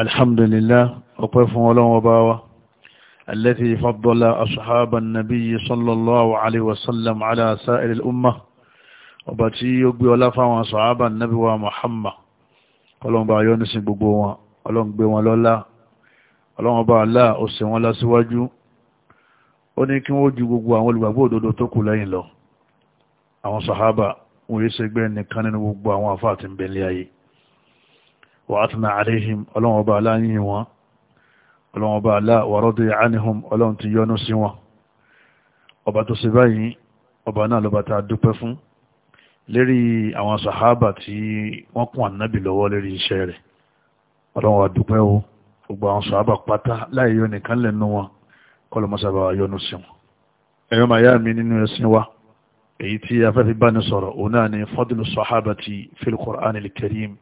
alhamdulillah ọpẹ́ fún ọlọ́wọ́ bá wa alẹ́fi fàbọ́lá aṣùhábàn nàbí sallallahu alaihi wasallam ala sa'iril umma ọba tí ó gbé ọlá fáwọn aṣùhábàn nàbí wa muhammad ọlọ́mbà yọ́ ní sí gbogbo wọn ọlọ́ngbé wọn lọ́lá ọlọ́wọ́ba alá wà á tún àríhìm ọlọ́run ọba aláyìn wọn ọlọ́run ọba alá wàrọ́dẹ̀ ánihùn ọlọ́run ti yọ́nú sí wọn ọba tó ṣe báyìí ọba náà lọ́ba tá a dúpẹ́ fún lérí àwọn sàhábà tí wọ́n kún ànábì lọ́wọ́ lérí iṣẹ́ rẹ̀ ọlọ́run wa dúpẹ́ o gbogbo àwọn sàhábà pátá láì yọ nìkan lẹ́nu wọn kọlọmọsàbà yọ́nú sí wọn ẹ̀yọ́ màá yá mi nínú ẹ̀sìn wa èyí tí afẹ́fẹ́ bá ní sọ̀rọ̀ òun náà ni fọ́dúnú sàhábà ti fil Qur'an al-Karim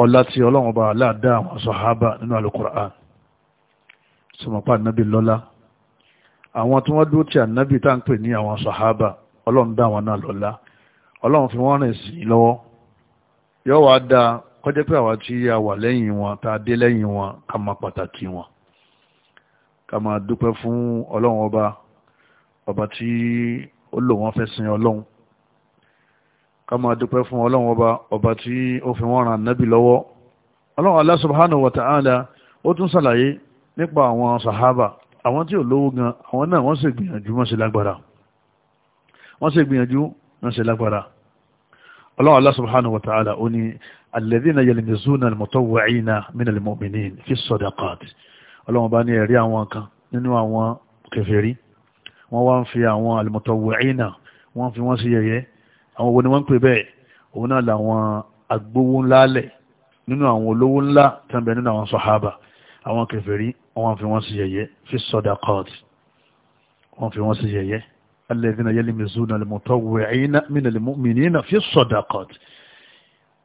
ọlá tí ọlọ́run bá aláàdá àwọn sọ̀hábà nínú alukur'an sọmọpá ànábì lọ́lá àwọn tí wọ́n dúró tí ànábì tá ń pè ní àwọn sọ̀hábà ọlọ́run dá àwọn náà lọ́lá ọlọ́run fi wọ́n rìn sí i lọ́wọ́ yóò wá da kọjá pé àwa tí a wà lẹ́yìn wọn tá a dé lẹ́yìn wọn ká máa pàtàkì wọn ká máa dúpẹ́ fún ọlọ́run ọba ọba tí ó lò wọ́n fẹ́ sin ọlọ́run ká máa dúpẹ́ fún ọlọ́run ọba ọba tí ó fi wọ́n ran nábì lọ́wọ́ ọlọ́run Allah subhanahu wa ta'ala ó tún ṣàlàyé nípa àwọn sàhábà àwọn tí ò lówó gan àwọn náà wọ́n sì gbìyànjú wọ́n lágbára wọ́n sì gbìyànjú wọ́n lágbára ọlọ́run Allah subhanahu wa ó ní alladhina yalmizuna al-mutawwi'ina min al-mu'minin fi as fi àwọn àwọn wo ni wọ́n ń pè bẹ́ẹ̀ òun náà làwọn agbowó ńlá lẹ̀ nínú àwọn olówó ńlá tàbí nínú àwọn sọ̀hábà àwọn kèfèrí wọ́n fi wọ́n sí yẹ̀yẹ́ fi sadaqat wọ́n fi wọ́n sí yẹ̀yẹ́ alladhina yalmizuna al-mutawwi'ina mina al-mu'minina fi sadaqat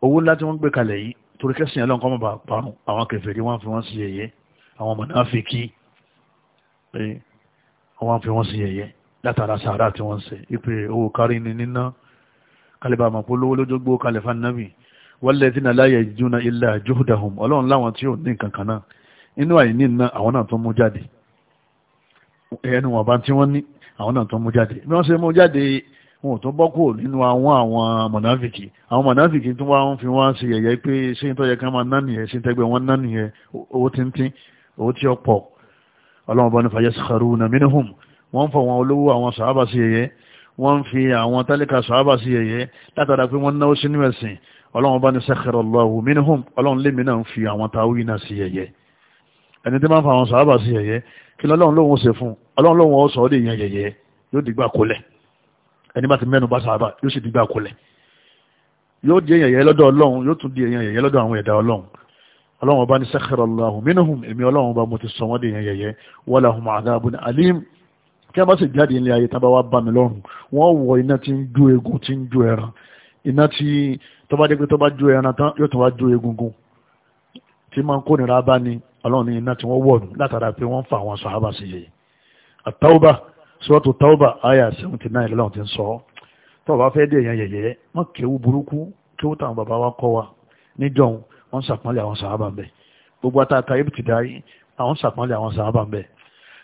owó ńlá tí wọ́n gbé kalẹ̀ yìí torí kẹsìn ẹlọ́nkọ́ mọ̀ bá parun àwọn kèfèrí wọ́n fi wọ́n sí yẹ̀yẹ́ àwọn mùnáfíkí eh, wọ́n fi wọ́n sí yẹ̀yẹ́ látara sàárà tí wọ́n ń ṣe ipe owó kárí ni níná kalẹ̀bà àmàpọ̀ olówó lójógbó kalẹ̀ fanabi walladhina la yajiduna illa juhdahum ọlọ́run láwọn tí ò ní nǹkan kan náà inú àìní náà àwọn náà tó mú jáde ẹnu wọn bá tí wọ́n ní àwọn náà tó mú jáde bí wọ́n ṣe mú jáde wọn ò tó bọ́kù nínú àwọn àwọn mọ̀náfìkì àwọn mọ̀náfìkì tó wá ń fi wọ́n ṣe yẹ̀yẹ́ pé ṣé ń tọ́jẹ́ ká máa ná nìyẹn ṣé ń tẹ́gbẹ́ wọn ná nìyẹn owó tíntín owó tí ó pọ̀ ọlọ́run bá ní fa wọ́n ń fi àwọn tálíkà sàábà sí yẹ̀yẹ́ látara pé wọ́n náwó sínú ẹ̀sìn ọlọ́run bá ní sakharallahu minhum ọlọ́run lèmi náà ń fi àwọn táwí náà sí yẹ̀yẹ́ ẹni tí máa ń fa àwọn sàábà sí yẹ̀yẹ́ kí lọ́lọ́run lóun ṣe fún ọlọ́run lóun ó sọ ọ́ lè yan yẹ̀yẹ́ yóò dìgbà kólẹ̀ ẹni bá ti èmi ọlọ́run bá mo ti sọ wọ́n di yẹ̀yẹ́ walahum adhabun alim tí a bá sì jáde ilé ayé tábà wá bá mi lọ́rùn wọ́n wọ iná tí ń ju egun tí ń ju ẹran iná tí tó bá jẹ́ pé tó bá ju ẹran tán yóò tún wá ju egungun tí máa ń kó nira bá ní ọlọ́run ní iná tí wọ́n wọ̀ látara pé wọ́n fa àwọn sàhábà sí yẹ àtàwùbà sọ́ọ̀tù tàwùbà àyà seventy nine lọ́lọ́run ti ń sọ tó bá fẹ́ dé èèyàn yẹ̀yẹ́ má kéwú burúkú kéwú táwọn bàbá wa kọ́ wa níjọ́un wọ́n sàpọ́nlé àwọn sàhábà ń bẹ gbogbo àtàkà ibùtìdáyé àwọn sàpọ́nlé àwọn sàhábà ń bẹ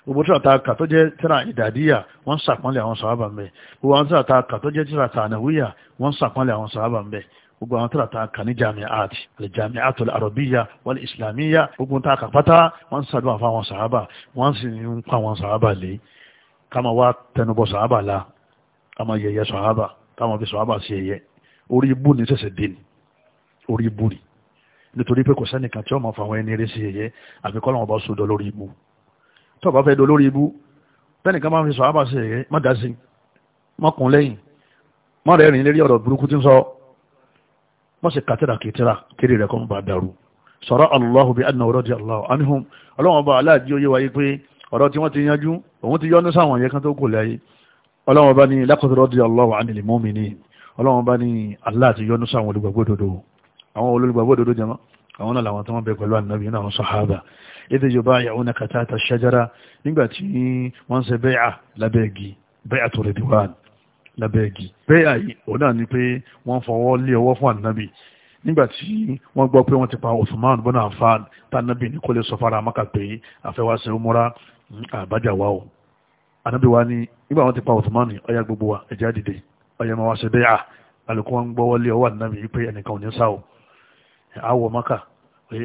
gbogbo tíra ta kà tó jẹ́ tíra ìdàdíyà wọ́n sàpọ́nlẹ̀ àwọn sàábà ń bẹ̀ gbogbo àwọn tíra ta kà tó jẹ́ tíra tànàwíyà wọ́n sàpọ́nlẹ̀ àwọn sàábà ń bẹ̀ gbogbo àwọn tíra ta kà ní jamiat aljamiat alarabiyya wal islamiyya gbogbo ta kà pátá sàdúrà fún àwọn sàábà wọ́n sì ń pa àwọn sàábà lé kama wá tẹnubọ sàábà la kama yẹyẹ sàábà kama fi sàábà sí yẹyẹ orí ibú ni sẹ̀sẹ̀ dé ni orí ibú ni nítorí pé kò sẹ́nìkan tí ó máa fa àwọn ẹni eré sí yẹyẹ àbíkọ́ làwọn bá sódò lórí ibú tó bá fẹ́ do lórí ibú tẹ́nìkan máa ń fi sọ àbá sí ẹ̀yẹ má dá sí má kún lẹ́yìn má rẹ̀ rìn lérí ọ̀rọ̀ burúkú tí ń sọ má sì kàtẹ́rà kìtẹ́rà kiri rẹ̀ kọ́ ń bá dàrú sọ̀rọ̀ Allahu bí adìnà ọ̀rọ̀ di Allahu anihum ọlọ́wọ́n bá aláàjí ó yé wáyé pé ọ̀rọ̀ tí wọ́n ti yanjú òun ti yọ́nú sáwọn yẹn kan tó kò láyé ọlọ́wọ́n bá ní laqad radiya Allahu anil mu'minin ọlọ́wọ́n bá ní aláàjí yọ́nú sáwọn olùgbàgbọ́dodo àwọn olùgbàgbọ́dodo jama àwọn náà làwọn tó wọ́n bẹ pẹ̀lú ànábì náà wọ́n sàhábà èdè yorùbá yàwó na kàtà àtà ṣájára nígbà tí wọ́n ṣe bẹ́yà lábẹ́ẹ̀gì bẹ́yà tó rẹ̀díwàn lábẹ́ẹ̀gì bẹ́yà yìí òun náà ni pé wọ́n fọwọ́ lé ọwọ́ fún ànábì nígbà wọ́n gbọ́ pé wọ́n ti pa Uthman bọ́nà Affan tànábì ní kò lè sọ fara maka pé àfẹwàṣẹ umura àbájá wa o ànábì wa ni nígbà wọ́n ti pa Uthman ọyá gbogbo wa ẹ̀já ọyá máa wá ṣe bẹ́yà alùpùpù wọn gbọ́wọ́ lé ọwọ́ ànábì yìí pé ẹnìkan ò ní sáwọ́ àwọ̀ maka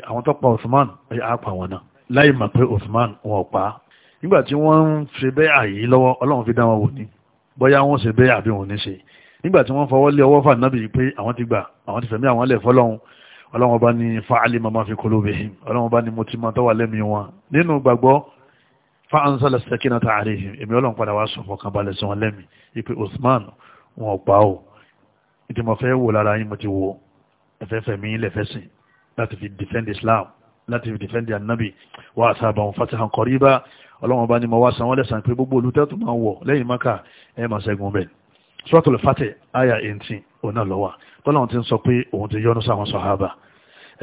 àwọn tó pa Osman àpà wọn náà láì mà pé Osman wọn ò pa á nígbà tí wọ́n ń ṣe bẹ́ẹ̀ àyè lọ́wọ́ ọlọ́run fi dá wọn wò ní bóyá wọ́n ṣe bẹ́ẹ̀ àbí wọn ní ṣe nígbà tí wọ́n fọwọ́ lé ọwọ́ fà nábì pé àwọn ti gbà àwọn ti fẹ̀mí àwọn lẹ̀ fọlọ́run ọlọ́run bá ní fa'ali mama fi qulubihim ọlọ́run bá ní mo ti máa tọ́wà lẹ́mí wọn nínú gbàgbọ́ fa ansala sakinata alayhim èmi ọlọ́run padà wá sọ̀fọ̀ kan balẹ̀ sí wọn lẹ́mí ipe Usman wọn ò pa ó ìdí mo fẹ́ ẹ̀fẹ́fẹ́ mi lẹ́fẹ́sìn láti fi defend Islam láti fi defend anabi wa asabahum fatahan qariba ọlọ́wọ́n bá ní mo wá san wọ́n lẹ́sàn pé gbogbo olùtẹ́tù máa ń wọ̀ lẹ́yìn maka ẹ̀ máa ṣẹ́gun bẹ́ẹ̀ suratul fatih aya eighteen òun náà lọ́wọ́ tọ́lọ́wọ́n ti ń sọ pé òun ti yọ́nú sáwọn sọ̀hábà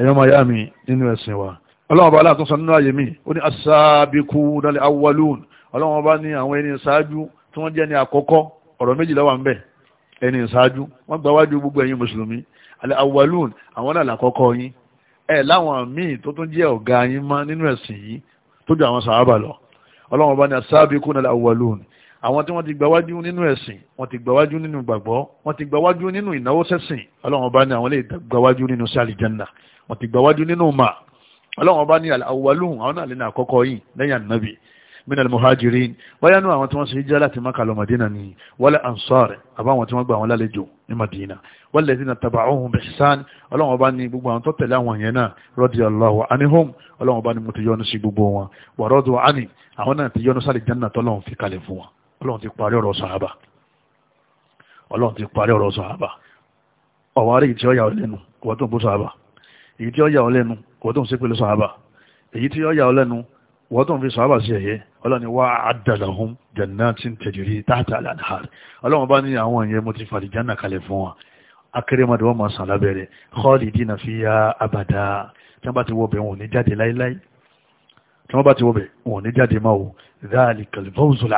ẹ̀yọ́ máa yá mi nínú ẹ̀sìn wa ọlọ́wọ́n bá aláàtún sọ nínú ààyè mi ó ní as-sabiquna al-awwalun ọlọ́wọ́n bá ní àwọn ẹni ìṣáájú tí wọ́n jẹ́ ní àkọ́kọ́ ọ̀rọ̀ méjì ló wà ń bẹ̀ ẹni ìṣáájú wọ́n gbáwájú gbogbo ẹ̀yin mùsùlùmí al-awwalun àwọn náà làkọ́kọ́ yín ẹ̀ láwọn míì tó tún jẹ́ ọ̀gá yín mọ́ nínú ẹ̀sìn yìí tó ju àwọn sàábà lọ ọlọ́run ọba ní as-sabiquna al-awwalun àwọn tí wọ́n ti gbàwájú nínú ẹ̀sìn wọ́n ti gbàwájú nínú ìgbàgbọ́ wọ́n ti gbàwájú nínú ìnáwó sẹ́sìn ọlọ́run ọba ní àwọn lè gbàwájú nínú sáàlì janna wọ́n ti gbàwájú nínú mà ọlọ́run ọba ní àwọn náà yìí lẹ́yìn ànábì minal muhajirin báyá nù àwọn tí wọ́n ṣe hijira láti maka lọ madina ni wal ansar àbáwọn tí wọ́n gbà wọn lálejò ní madina walladhina taba'uhum bi ihsan ọlọ́wọ́n bá ní gbogbo àwọn tó tẹ̀lé àwọn yẹn náà radiyallahu anhum ọlọ́wọ́n bá ní mo ti yọ́nú sí gbogbo wọn wa radu ani àwọn náà ti yọ́nú sálì janna tọ́lọ́wọ́n fi kalẹ̀ fún wọn ọlọ́wọ́n wọ́n tó ń fi sàábà sí ẹ̀yẹ ọlọ́ni wá àdàlàhún jannatin tajri tahta al-anhar ọlọ́run bá ní àwọn ìyẹn mo ti fàdí jẹ́nà kalẹ̀ fún wa akérèmọdé wọn máa sàn lábẹ́rẹ́ khalidina fiha abada tí wọ́n bá ti wọbẹ̀ wọn ò ní jáde láíláí tí wọ́n bá ti wọbẹ̀ wọn ò ní jáde máa wò dhalikal fawzul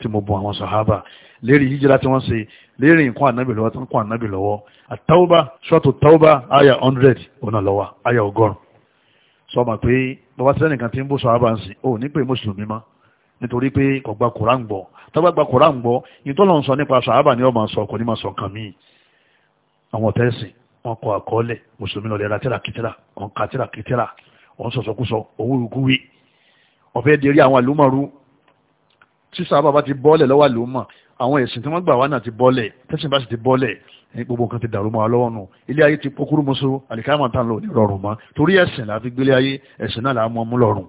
tí mo bọ àwọn sàhábà lérí hijira tí wọ́n ṣe lérí nǹkan ànábì lọ́wọ́ tí wọ́n kọ́ ànábì lọ́wọ́ àtàwọ́bà ṣọ́ọ̀tù tàwọ́bà àyà 100 ọ̀nà lọ́wọ́ àyà ọgọ́rùn sọ ma pé bàbá tí ẹnìkan ti ń bó sàhábà ń sìn ó ní pé mùsùlùmí mọ́ nítorí pé kò gba koran gbọ́ tọ́gbà gba koran gbọ́ ní tó lọ́n sọ nípa sàhábà ni ó máa sọ kò ní máa sọ nǹkan míì àwọn tí sábà bá ti bọ́lẹ̀ lọ́wọ́ àlùmọ̀ àwọn ẹ̀sìn tí wọ́n gbà wá náà ti bọ́lẹ̀ tẹ́sìn bá sì ti bọ́lẹ̀ ní gbogbo nǹkan ti dàrú mọ́ lọ́wọ́ nù ilé ayé ti pokuru mọ́sọ́ àlìkámà tá ń lò ní rọrùn mọ́ torí ẹ̀sìn láti gbélé ayé ẹ̀sìn náà làá mọ́ mú lọ́rùn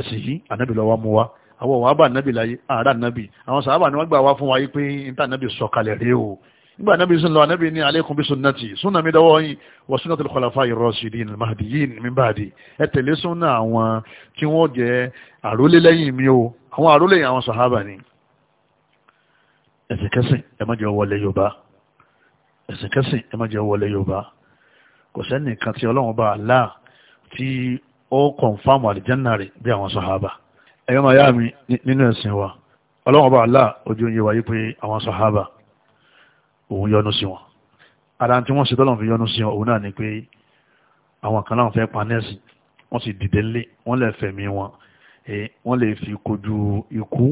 ẹ̀sìn yìí ànábì lọ́wọ́ mú wa àwọn wàá bá ànábì láyé àárá ànábì àwọn sàábà ni wọ́n gbà wá fún wa yí pé nígbà anábì sùn lọ anábì ní alaykum bí sunnati súnà mi dọwọ́ yín wa sunnatul khulafa'ir rasidin al-mahdiyyin min ba'di ẹ tẹ̀lé súnà àwọn tí wọ́n jẹ́ àrólé lẹ́yìn mi o àwọn àrólé yìí àwọn sàhábà ni ẹ̀sìnkẹ́sìn ẹ má jẹ́ wọlé yorùbá ẹ̀sìnkẹ́sìn ẹ má jẹ́ wọlé yorùbá kò sẹ́ni kan tí ọlọ́run bá là tí ó kọ̀nfàmù àlìjánná rẹ̀ bí àwọn sàhábà ẹ̀yọ́ màyá nínú ẹ̀sìn wa ọlọ́run bá là ojú yẹ wáyé pé àwọn sàhábà òun yọ́nú sí wọn ara tí wọ́n ṣe tọ́lọ̀ fi yọ́nú sí wọn òun náà ni pé àwọn kan láwọn fẹ́ pa nẹ́ẹ̀sì wọ́n sì dìde lé wọ́n lè fẹ̀mí wọn wọ́n lè fi kojú ikú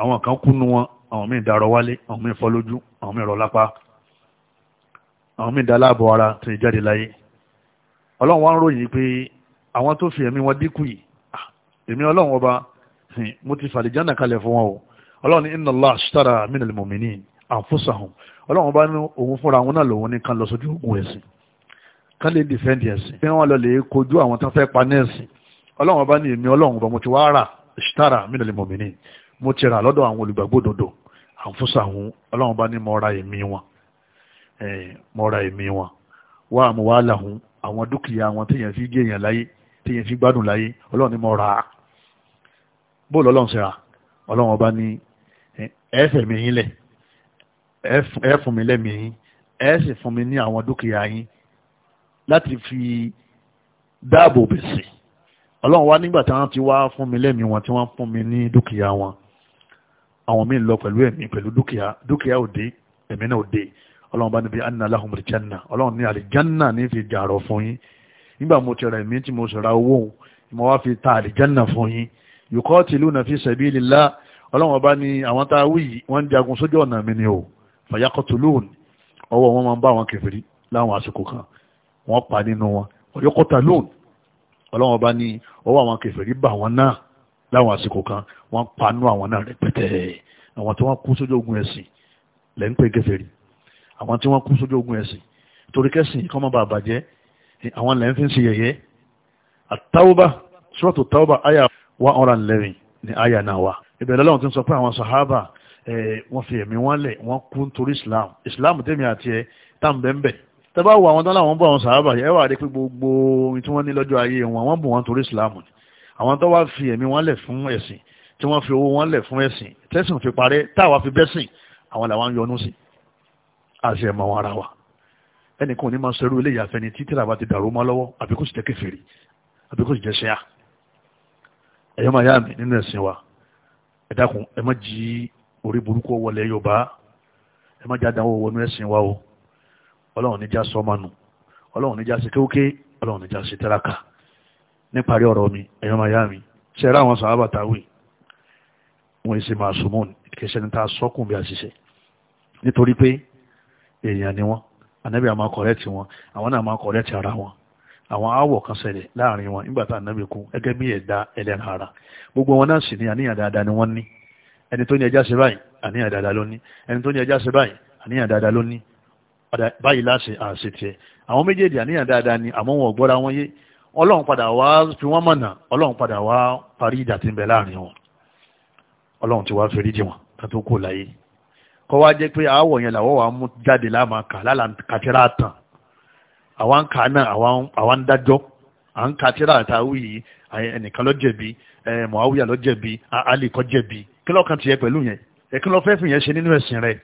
àwọn kan kú nu wọn àwọn míì darọ wálé àwọn míì fọ́ lójú àwọn míì rọ lápá àwọn míì daláàbọ̀ ara tó lè jáde láyé ọlọ́run wá ń ròyìn pé àwọn tó fi ẹ̀mí wọn dínkù yìí èmi ọlọ́run ọba mo ti fàlìjánà kalẹ̀ fún wọn o ọlọ́run ní inna Allah ashtara minal mu'minin àǹfóṣàhùn ọlọ́run bá ní òun fúnra wọn náà lòun ní kan lọ sójú ogun ẹ̀sìn kan lè dìfẹ́ǹdì ẹ̀sìn bí wọ́n lọ lè kojú àwọn tán fẹ́ pa ní ẹ̀sìn ọlọ́run bá ní èmi ọlọ́run bá mo ti wá rà ṣítàrà mí lẹ́lẹ́mọ̀ mi ní mo ti rà lọ́dọ̀ àwọn olùgbàgbọ́ òdodo àǹfóṣàhùn ọlọ́run bá ní mo ra ẹ̀mí wọn mo ra ẹ̀mí wọn wá àmú wá làhùn àwọn dúkìá wọn téèyàn fi gé èèyàn láyé téèyàn fi gbádùn láyé ọlọ́run ní mo ra bóòlù ọlọ́run ṣe ra ọlọ́run bá ní ẹ̀ẹ́fẹ̀mí yín lẹ̀ ẹ fún mi lẹ́mìí yín ẹ sì fún mi ní àwọn dúkìá yín láti fi dáàbò bèsè ọlọ́run wá nígbà tí wọ́n ti wá fún mi lẹ́mìí wọn tí wọ́n fún mi ní dúkìá wọn àwọn míì lọ pẹ̀lú ẹ̀mí pẹ̀lú dúkìá dúkìá òde ẹ̀mí náà òde ọlọ́run bá níbi anna lahum aljanna ọlọ́run ní àlìjánà ní fi jàrọ̀ fún yín nígbà mo ti ra ẹ̀mí tí mo sì ra owó mo wá fi ta àlìjánà fún yín yuqatiluna fi sabilillah ọlọ́run bá ní àwọn tá a wí yìí wọ́n ń jagun sójú ọ̀nà mi ni o fàyàkọ̀tòlóòn ọwọ́ wọn máa ń bá àwọn kèfèrí láwọn àsìkò kan wọ́n pa nínú wọn ọ̀yọ́kọ̀tàlóòn ọlọ́wọ́n bá ní ọwọ́ àwọn kèfèrí bà wọn náà láwọn àsìkò kan wọ́n panú àwọn náà rẹpẹtẹ àwọn tí wọ́n kú sójú ogun ẹ̀sìn lẹ́ ń pè kèfèrí àwọn tí wọ́n kú sójú ogun ẹ̀sìn torí kẹ́sìn kọ́ mọ́ bá bàjẹ́ àwọn lẹ́ ń fi ṣe yẹ̀yẹ́ àtàwọ́bà sọ́ọ̀tù tàwọ́bà wọ́n fi ẹ̀mí wọn lẹ̀ wọ́n kú nítorí islam islam tèmi àti ẹ̀ tá ń bẹ́ẹ̀ bẹ́ẹ̀ tẹ́bá wo àwọn tán láwọn bọ̀ àwọn sàábà yẹ wà rí pé gbogbo ohun tí wọ́n ní lọ́jọ́ ayé wọn wọ́n bù wọn torí islam ni àwọn tó wá fi ẹ̀mí wọn lẹ̀ fún ẹ̀sìn tí wọ́n fi owó wọn lẹ̀ fún ẹ̀sìn tẹ́sìn fi parẹ́ táwa fi bẹ́sìn àwọn làwọn ń yọnu sí àti ẹ̀mọ́ ara wa ẹnìkan ní máa ni títí làbá ti ẹ dákun ẹ má jí orí burúkú wọlé yorùbá ẹ má jáde àwọn wọnú ẹ̀sìn wa o ọlọ́run níjà sọmanù ọlọ́run níjà sí kéwké ọlọ́run níjà sí tẹ́ráka níparí ọ̀rọ̀ mi ẹ̀yọ́ máa yá mi ṣe ra àwọn sàábà táwì wọ́n ṣe máa sọ́kùn bí a nítorí pé èèyàn ni wọn àwọn náà máa ara wọn àwọn aáwọ̀ kan ṣẹlẹ̀ láàrin wọn nígbà tá bí ara gbogbo wọn náà sì ní àníyàn dáadáa ni ẹni tó ní ẹjá ṣe báyìí àníyàn dáadáa lóní ẹni tó ní ẹjá ṣe báyìí àníyàn dáadáa lóní báyìí láṣẹ àṣẹ tiẹ̀ àwọn méjèèjì àníyàn dáadáa ni àmọ́ wọn gbọ́ra wọn yé ọlọ́run padà wá fi wọ́n mọ̀nà ọlọ́run padà wá parí ìjà tí ń bẹ láàrin wọn ọlọ́run ti wá fèrè jì wọn ká tó kó láyé kọ́ wá jẹ́ pé àáwọ̀ yẹn làwọ̀ wàá mú jáde láàmà kà lálà kàtírà tàn àwa ń kà náà àwa ń dájọ́ à ń kàtírà àtàwí yìí ẹnìkan ló jẹ̀bi mọ̀háwíyà ló jẹ̀bi Àlì kí lọ́kàn tiẹ̀ pẹ̀lú yẹn ẹ̀ kí lọ́ fẹ́ fìyẹn ṣe nínú ẹ̀sìn rẹ̀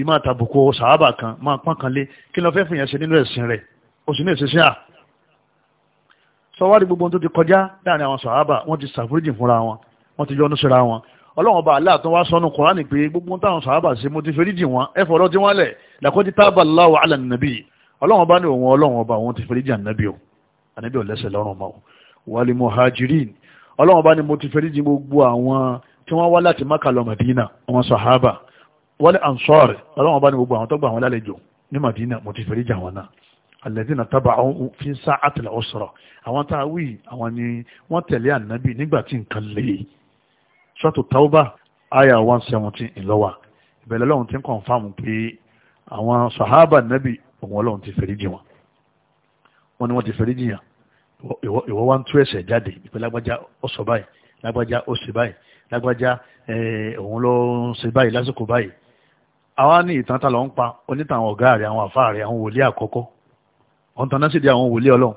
ìmọ̀ àtàbùkù sàábà kan máa pọ́n kan lé kí lọ́ fẹ́ fìyẹn ṣe nínú ẹ̀sìn rẹ̀ ó sì ní ìṣesí à sọwádìí gbogbo ohun tó ti kọjá láàrin àwọn sàábà wọ́n ti ṣàforíjì fúnra wọn wọ́n ti yọ́nú síra wọn ọlọ́run bá aláàtọ́ wá sọ́nù kọ́ránì pé gbogbo táwọn sàábà ṣe mo ti foríjì wọn ẹ fọ̀rọ̀ tí wọ́n lẹ̀ làkọ́jú tábà láwọ̀ alànàbí ọlọ́run bá ní òun ọlọ́run ọba òun ti foríjì ànàbí o ànàbí ò lọ́rùn mọ́ wàlí muhajirin ọlọ́run bá ní mo ti foríjì gbogbo àwọn tí wọ́n wá láti Mákà lọ Màdínà àwọn sàhábà wal ansar ọlọ́wọ́n bá ní gbogbo àwọn tó gbà àwọn lálejò ní Màdínà mo ti fèrè jà wọn náà alladhina taba'u fi sa'atil usra àwọn tá a wí àwọn ni wọ́n tẹ̀lé ànábì nígbà tí nǹkan lè Suratu Tawbah aya one seventeen ìlọ́wà ìbẹ̀lẹ̀ lọ́hùn ti ń kọ̀nfàmù pé àwọn sàhábà nábì òun ọlọ́hun ti fèrè jì wọn wọn ni wọ́n ti fèrè lágbájá ó ṣe báyìí lágbájá òun ló ń ṣe báyìí lásìkò báyìí àwa ní ìtàn tá lọ ń pa onítàn ọ̀gá rẹ̀ àwọn àfáà rẹ̀ àwọn wòlíì àkọ́kọ́ ọ̀n tán náà sì di àwọn wòlíì ọlọ́run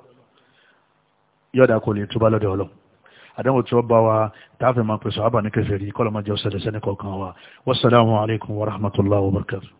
yọ̀dà kò lè túbá lọ́dọ̀ ọlọ́run àdánwò tí ó bá wa táàfin máa pèsè àbáníkẹfẹ́ rí kọ́lọ́mọjọ́ sẹ̀lẹ̀sẹ̀ ní kọ̀ọ̀kan wa wassalamu alaikum warahmatullahi wabarakatuh